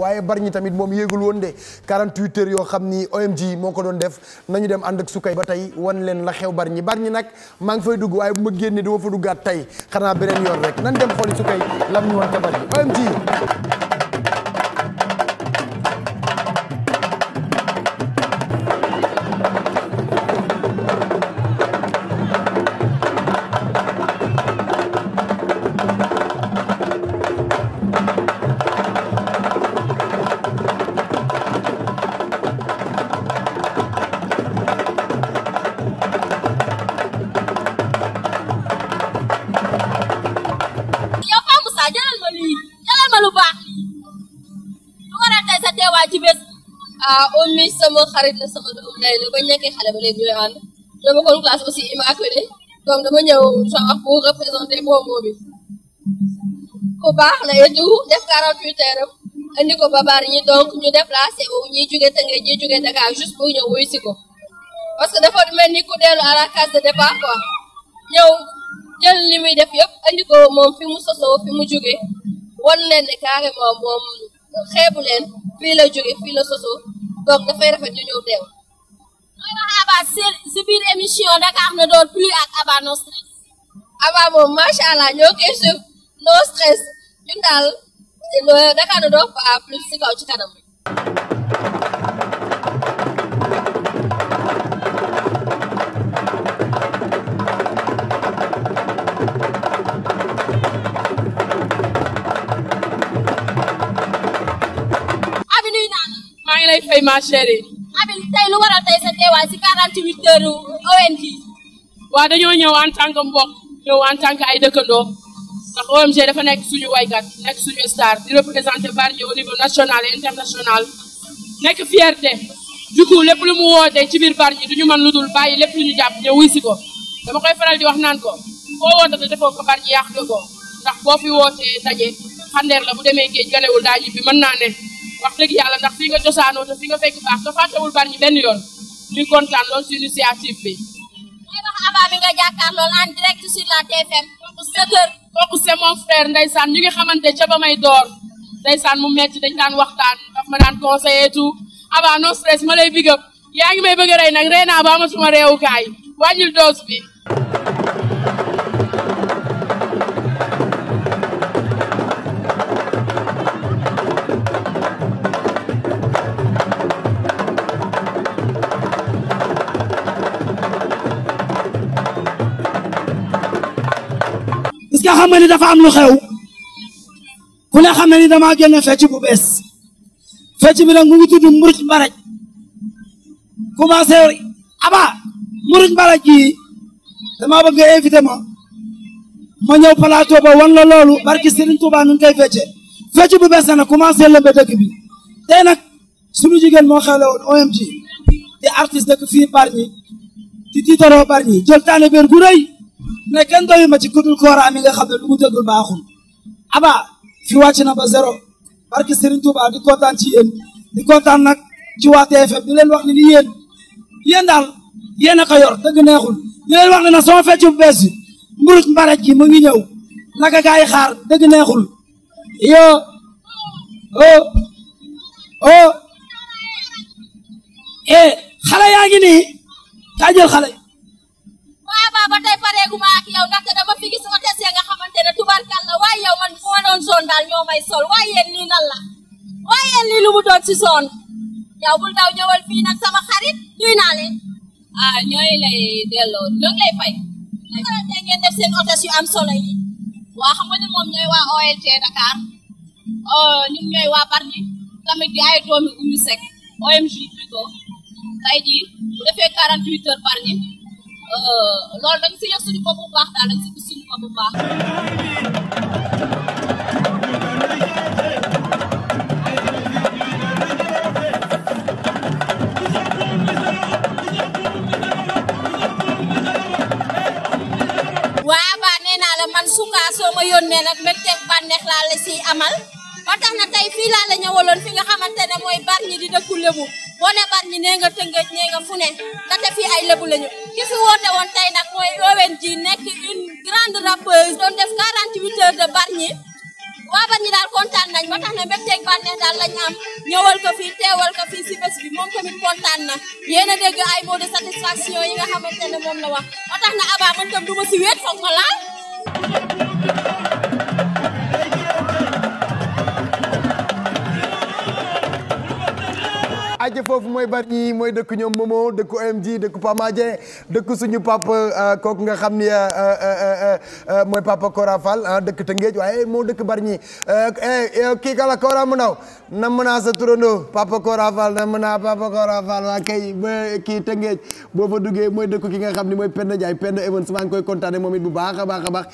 waaye bari ñi tamit moom yéegul woon de 48 yoo xam ni OMG moo ko doon def nañu dem ànd ak sukay ba tey wan leen la xew bari ñi bari ñi nag maa ngi fay dugg waaye bu ma génnee dama fa duggaat tey xanaa beneen yoon rek nan dem xooli sukay lam ñu wan ka bari OMG ma lu baax lii lu waral tey sa teewaay ci bés ah Oumy xarit la sama doom day la ba ñu nekkee xale ba léegi ñooy ànd dama kon classe aussi il m'a dama ñëw genre pour représenter moomoo bi ku baax la et def 48 heures andi ko ñi donc ñu déplacé wu ñi jóge Tëngéej ñi jóge Dakar juste pour ñëw wuy si ko parce que dafa mel ni ku dellu à la case de départ ñëw jël li muy def yëpp andi ko moom fi mu sosoo fi mu jóge wan leen ne carrément moom xeebu leen fii la jóge fii la soso donc dafay rafet ñu ñëw teew. mooy wax Aba si biir émission Dakar ne dort plus ak Aba no stress. Aba moom macha allah ñoo koy suuf no stress ñun daal Dakar ne dort pas plus si kaw ci kanam. ngi lay fay ma chérie. Habib tey lu waral tey sa teewaay si 48 heures ONG. waaw dañoo ñëw en tant que mbokk ñëw en tant que ay dëkkandoo ndax OMG dafa nekk suñu waykat nekk suñu star di représenté Bargny au niveau national et international nekk fierté du coup lépp lu mu woote ci biir Bargny du ñu mën lu dul bàyyi lépp lu ñu jàpp ñëw wuy si ko dama koy faral ji wax naan ko foo woote te defoo ko Bargny yàq ko ndax boo fi wootee daje xandeer la bu demee géej galewul daa mën naa ne. wax dëgg yàlla ndax fii nga cosaanoo te fii nga fekk baax nga fàttewul bari ñi benn yoon ñu lool si initiative bi. may nga jàkkaar lool en direct sur la TFM. kooku sa kër kooku c'est ñu ngi xamante ca ba may door ndeysaan mu metti dañ daan waxtaan daf ma daan conseillé Aba no stress ma lay big yaa ngi may bëgg a rey nag rey naa ba amatuma réewukaay wàññil dose bi. xam nga ni dafa am lu xew ku ne xam na ni damaa génne fecc bu bees fecc bi nag mu ngi tudd Mburuj Mbaraj commencé aba Mburuj Mbaraj gi damaa bëgg nga invité ma ma ñëw plateau ba wan la loolu barki Serigne ngi koy fecce fecc bu bees nag commencé lëmbe dëkk bi tey nag sunu jigéen moo xewle woon OMG di artiste dëkk fii Bargny di tiitaroo Bargny jël taane benn gu mais kenn doyu ma ci kudul Kora mi nga xam ne lu mu baaxul aba fi wàcc na ba zéro barke Serigne Touba di kontaan ci yéen di kontaan nag ci waa TFM di leen wax ne ni yéen yéen daal yéen a ko yor dëgg neexul di leen wax ne nag sama feccu bees bi mburuj mbaraj gi mu ngi ñëw na gaa xaar dëgg neexul yoo oo oo eh, xale yaa ngi nii kaa xale waaw ba tey pareeguma ak yow ndaxte dama fi gis hôtesse ya nga xamante ne tubarkal waaye yow man bu ma doon daal ñoo may sol waaye yéen lii waaye yéen lu mu doon si zone yow bul daw ñëwal fii nag sama xarit ñuy naa leen ah ñooy lay delloo ñoo ngi lay fay. tey ngeen def seen hôtesse yu am solo yi. waa xam nga ne moom ñooy waa OLT Dakar oh, ñun ñooy waa Bargny tamit di ay doomi UNICEF OMG plutôt tey jii bu defee 48 heures Bargny. Euh, loolu dañ si yëg suñu bopp bu baax daal dañ si gis suñu bopp bu baax. waaw ba nee naa la man su kaa soo ma yónnee nag mbégteeg bànneex laa la siy amal. tax na tey fii laa ñëwaloon fi nga xamante mooy Bargny di dëkku lébu boo ne Bargny nee nga tëngëj nee nga fu ne ndaxte fii ay lébu lañu ki woote woon tey nag mooy ONG nekk une grande rappeuse doon def 48 heures de waa Bargny daal kontaan nañ ba tax na mbégteeg bànneex daal lañ am ñëwal ko fii teewal ko fii si bés bi moom tamit kontaan na yéen a dégg ay mots de satisfaction yi nga xamante moom la wax ba tax na abaa man tam si aja foofu mooy bari Bargny mooy dëkk ñoom Momo dëkk OMG dëkk Pamadié dëkk suñu papa euh, kooku nga xam ni euh, euh, mooy papa Kora Fall ah dëkk Tëngéej waaye moo dëkk bari Bargny eh, eh, kii kala Kora mu ndaw nam naa sa turando papa Kora Fall nam naa papa Kora Fall waa ah, kay ba kii Tëngéej boo fa duggee mooy dëkk ki nga xam ni mooy Penda Ndiaye Penda Evans maa ngi koy kontaane moom it bu baax a baax a baax